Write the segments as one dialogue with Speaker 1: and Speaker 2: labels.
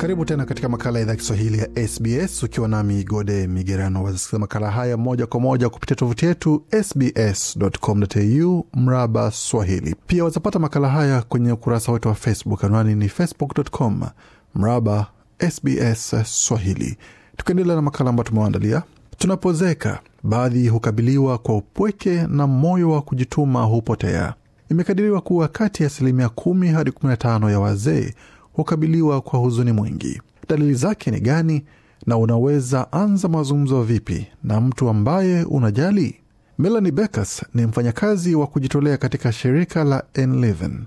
Speaker 1: Karibu tena katika makala ya idhaa Kiswahili ya SBS ukiwa nami Gode Migerano. Wazasikiza makala haya moja kwa moja kupitia tovuti yetu sbs.com.au mraba swahili. Pia wazapata makala haya kwenye ukurasa wetu wa Facebook, anwani ni facebook.com mraba SBS Swahili. Tukiendelea na makala ambayo tumewaandalia, tunapozeka baadhi hukabiliwa kwa upweke na moyo wa kujituma hupotea. Imekadiriwa kuwa kati ya asilimia kumi hadi kumi na tano ya wazee hukabiliwa kwa huzuni mwingi. Dalili zake ni gani, na unaweza anza mazungumzo vipi na mtu ambaye unajali? Melanie Beckers ni mfanyakazi wa kujitolea katika shirika la Enliven.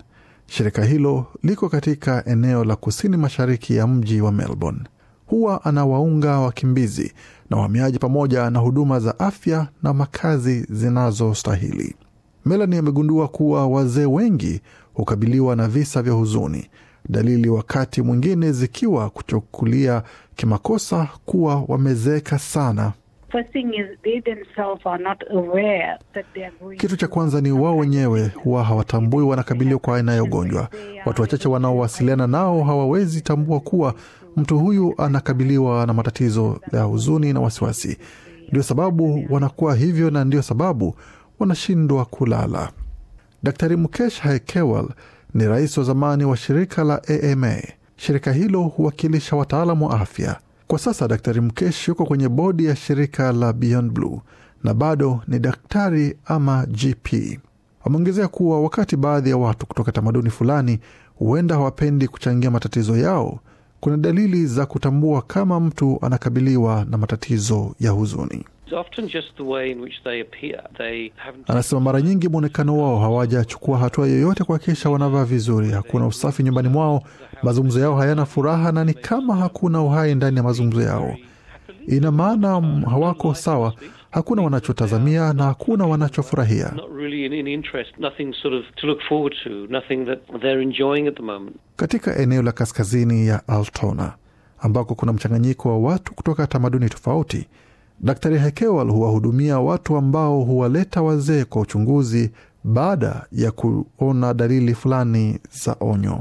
Speaker 1: Shirika hilo liko katika eneo la kusini mashariki ya mji wa Melbourne. Huwa anawaunga wakimbizi na wahamiaji pamoja na huduma za afya na makazi zinazostahili. Melanie amegundua kuwa wazee wengi hukabiliwa na visa vya huzuni dalili wakati mwingine zikiwa kuchukulia kimakosa kuwa wamezeeka sana. Kitu cha kwanza ni wao wenyewe huwa hawatambui wanakabiliwa kwa aina ya ugonjwa. Watu wachache wanaowasiliana nao hawawezi tambua kuwa mtu huyu anakabiliwa na matatizo ya huzuni na wasiwasi. Ndio sababu wanakuwa hivyo na ndio sababu wanashindwa kulala. Daktari Mukesh Haikewal ni rais wa zamani wa shirika la AMA. Shirika hilo huwakilisha wataalam wa afya. Kwa sasa Daktari Mkesh yuko kwenye bodi ya shirika la Beyond Blue na bado ni daktari ama GP. Wameongezea kuwa wakati baadhi ya watu kutoka tamaduni fulani huenda hawapendi kuchangia matatizo yao, kuna dalili za kutambua kama mtu anakabiliwa na matatizo ya huzuni. Anasema mara nyingi mwonekano wao, hawajachukua hatua yoyote kuhakikisha wanavaa vizuri. Hakuna usafi nyumbani mwao, mazungumzo yao hayana furaha na ni kama hakuna uhai ndani ya mazungumzo yao. Ina maana hawako sawa, hakuna wanachotazamia na hakuna wanachofurahia. Katika eneo la kaskazini ya Altona ambako kuna mchanganyiko wa watu kutoka tamaduni tofauti Daktari Hekewal huwahudumia watu ambao huwaleta wazee kwa uchunguzi baada ya kuona dalili fulani za onyo.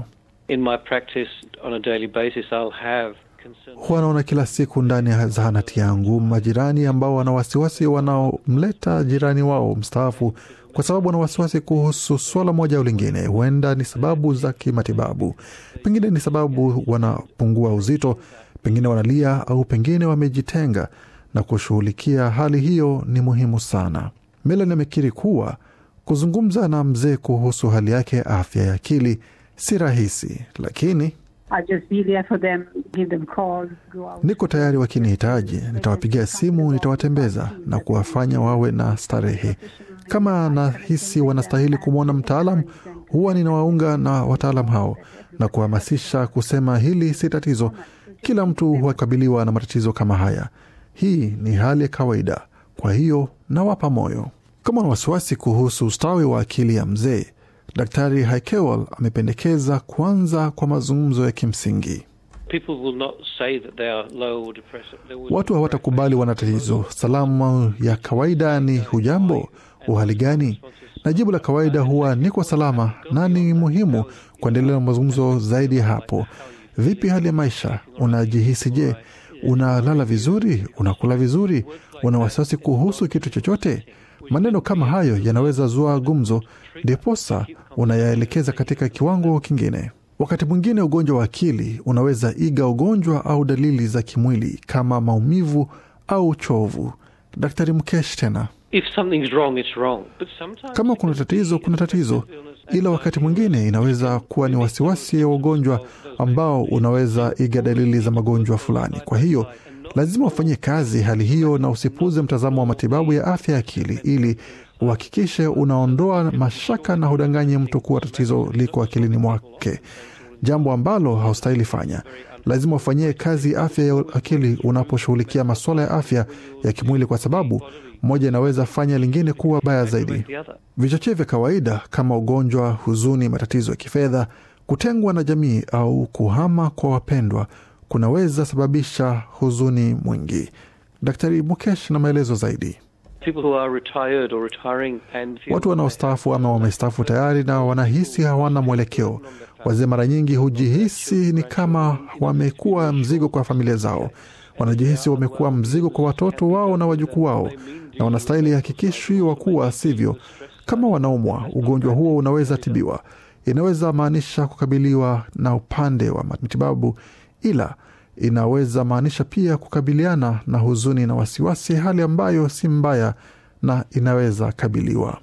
Speaker 1: Huwa naona kila siku ndani ya zahanati yangu majirani ambao wana wasiwasi wanaomleta jirani wao mstaafu kwa sababu wana wasiwasi kuhusu swala moja au lingine. Huenda ni sababu za kimatibabu, pengine ni sababu wanapungua uzito, pengine wanalia, au pengine wamejitenga na kushughulikia hali hiyo ni muhimu sana. melani amekiri kuwa kuzungumza na mzee kuhusu hali yake afya ya akili si rahisi, lakini niko tayari wakinihitaji, nitawapigia simu, nitawatembeza na kuwafanya wawe na starehe. Kama nahisi wanastahili kumwona mtaalam, huwa ninawaunga na wataalam hao na kuhamasisha kusema hili si tatizo. Kila mtu huakabiliwa na matatizo kama haya. Hii ni hali ya kawaida, kwa hiyo nawapa moyo. Kama na wasiwasi kuhusu ustawi wa akili ya mzee, Daktari Haikewal amependekeza kuanza kwa mazungumzo ya kimsingi. Watu hawatakubali wana tatizo. Salamu ya kawaida ni hujambo, uhali gani, na jibu la kawaida huwa ni kwa salama, na ni muhimu kuendelea na mazungumzo zaidi ya hapo. Vipi hali ya maisha, unajihisi je? unalala vizuri, unakula vizuri, una wasiwasi kuhusu kitu chochote? Maneno kama hayo yanaweza zua gumzo, ndiposa unayaelekeza katika kiwango kingine. Wakati mwingine ugonjwa wa akili unaweza iga ugonjwa au dalili za kimwili kama maumivu au uchovu. Daktari Mkesh tena, kama kuna tatizo, kuna tatizo ila wakati mwingine inaweza kuwa ni wasiwasi wa ugonjwa ambao unaweza iga dalili za magonjwa fulani. Kwa hiyo lazima ufanye kazi hali hiyo na usipuze mtazamo wa matibabu ya afya ya akili ili uhakikishe unaondoa mashaka na hudanganyi mtu kuwa tatizo liko akilini mwake, jambo ambalo haustahili fanya lazima ufanyie kazi afya ya akili unaposhughulikia masuala ya afya ya kimwili, kwa sababu moja inaweza fanya lingine kuwa baya zaidi. Vichochee vya kawaida kama ugonjwa, huzuni, matatizo ya kifedha, kutengwa na jamii au kuhama kwa wapendwa kunaweza sababisha huzuni mwingi. Daktari Mukesh na maelezo zaidi. watu wanaostaafu ama wamestaafu tayari na wanahisi hawana mwelekeo Wazee mara nyingi hujihisi ni kama wamekuwa mzigo kwa familia zao, wanajihisi wamekuwa mzigo kwa watoto wao na wajukuu wao, na wanastahili hakikishwi wa kuwa sivyo. Kama wanaumwa, ugonjwa huo unaweza tibiwa. Inaweza maanisha kukabiliwa na upande wa matibabu, ila inaweza maanisha pia kukabiliana na huzuni na wasiwasi, hali ambayo si mbaya na inaweza kabiliwa.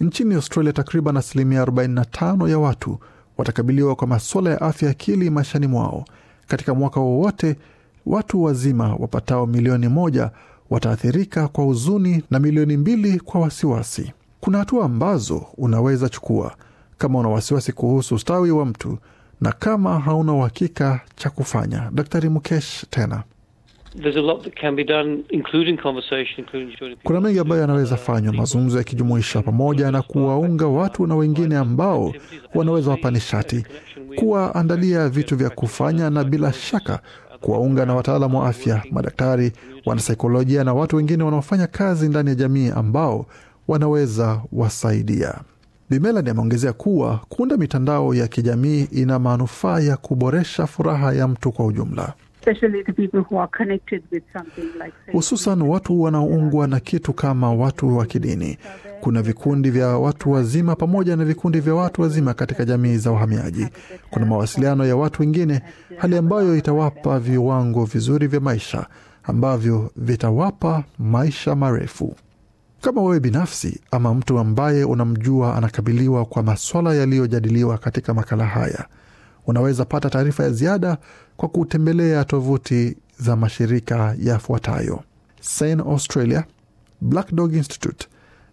Speaker 1: Nchini Australia, takriban asilimia 45 ya watu watakabiliwa kwa masuala ya afya akili maishani mwao. Katika mwaka wowote, watu wazima wapatao milioni moja wataathirika kwa huzuni na milioni mbili kwa wasiwasi. Kuna hatua ambazo unaweza chukua kama una wasiwasi kuhusu ustawi wa mtu na kama hauna uhakika cha kufanya. Daktari Mukesh tena kuna mengi ambayo yanaweza fanywa, mazungumzo yakijumuisha pamoja na kuwaunga watu na wengine ambao wanaweza wapa nishati, kuwaandalia vitu vya kufanya na bila shaka kuwaunga na wataalamu wa afya, madaktari, wanasaikolojia na watu wengine wanaofanya kazi ndani ya jamii ambao wanaweza wasaidia. Bimelani ameongezea kuwa kuunda mitandao ya kijamii ina manufaa ya kuboresha furaha ya mtu kwa ujumla hususan like watu wanaoungwa na kitu kama watu wa kidini. Kuna vikundi vya watu wazima pamoja na vikundi vya watu wazima katika jamii za uhamiaji Kuna mawasiliano ya watu wengine, hali ambayo itawapa viwango vizuri vya maisha ambavyo vitawapa maisha marefu. Kama wewe binafsi ama mtu ambaye unamjua anakabiliwa kwa maswala yaliyojadiliwa katika makala haya Unaweza pata taarifa ya ziada kwa kutembelea tovuti za mashirika yafuatayo: SANE Australia, Black Dog Institute,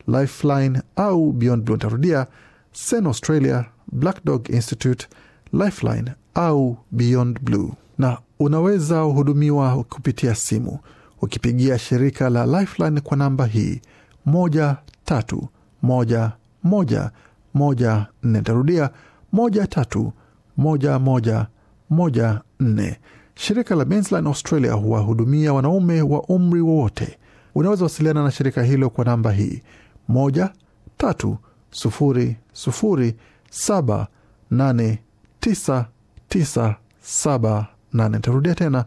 Speaker 1: Lifeline au Beyond Blue. Nitarudia, SANE Australia, Black Dog Institute, Lifeline au Beyond Blue, na unaweza uhudumiwa kupitia simu ukipigia shirika la Lifeline kwa namba hii moja tatu moja moja moja nne. Nitarudia moja tatu moja moja moja nne. Shirika la Men's Australia huwahudumia wanaume wa umri wowote. Unaweza wasiliana na shirika hilo kwa namba hii moja tatu sufuri sufuri saba nane tisa tisa saba nane. Nitarudia tena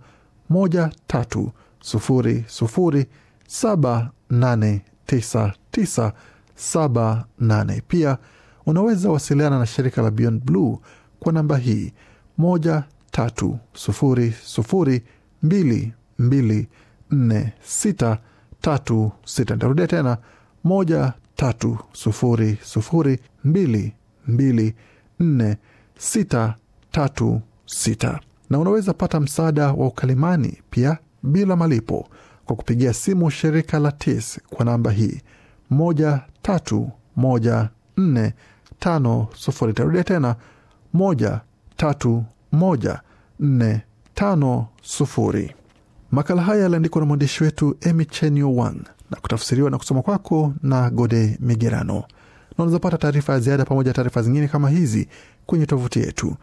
Speaker 1: moja tatu sufuri sufuri saba nane tisa tisa saba nane. Pia unaweza wasiliana na shirika la Beyond Blue kwa namba hii moja tatu sufuri sufuri mbili mbili nne sita tatu sita nitarudia tena moja tatu sufuri sufuri mbili mbili nne sita tatu sita na unaweza pata msaada wa ukalimani pia bila malipo kwa kupigia simu shirika la TIS kwa namba hii moja tatu moja nne tano sufuri. Tarudia tena moja tatu moja nne tano sufuri. Makala haya yaliandikwa na mwandishi wetu Emy Chenyo Wang na kutafsiriwa na kusoma kwako na Gode Migerano, na unawezapata taarifa ya ziada pamoja na taarifa zingine kama hizi kwenye tovuti yetu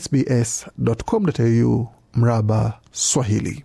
Speaker 1: sbs.com.au mraba Swahili.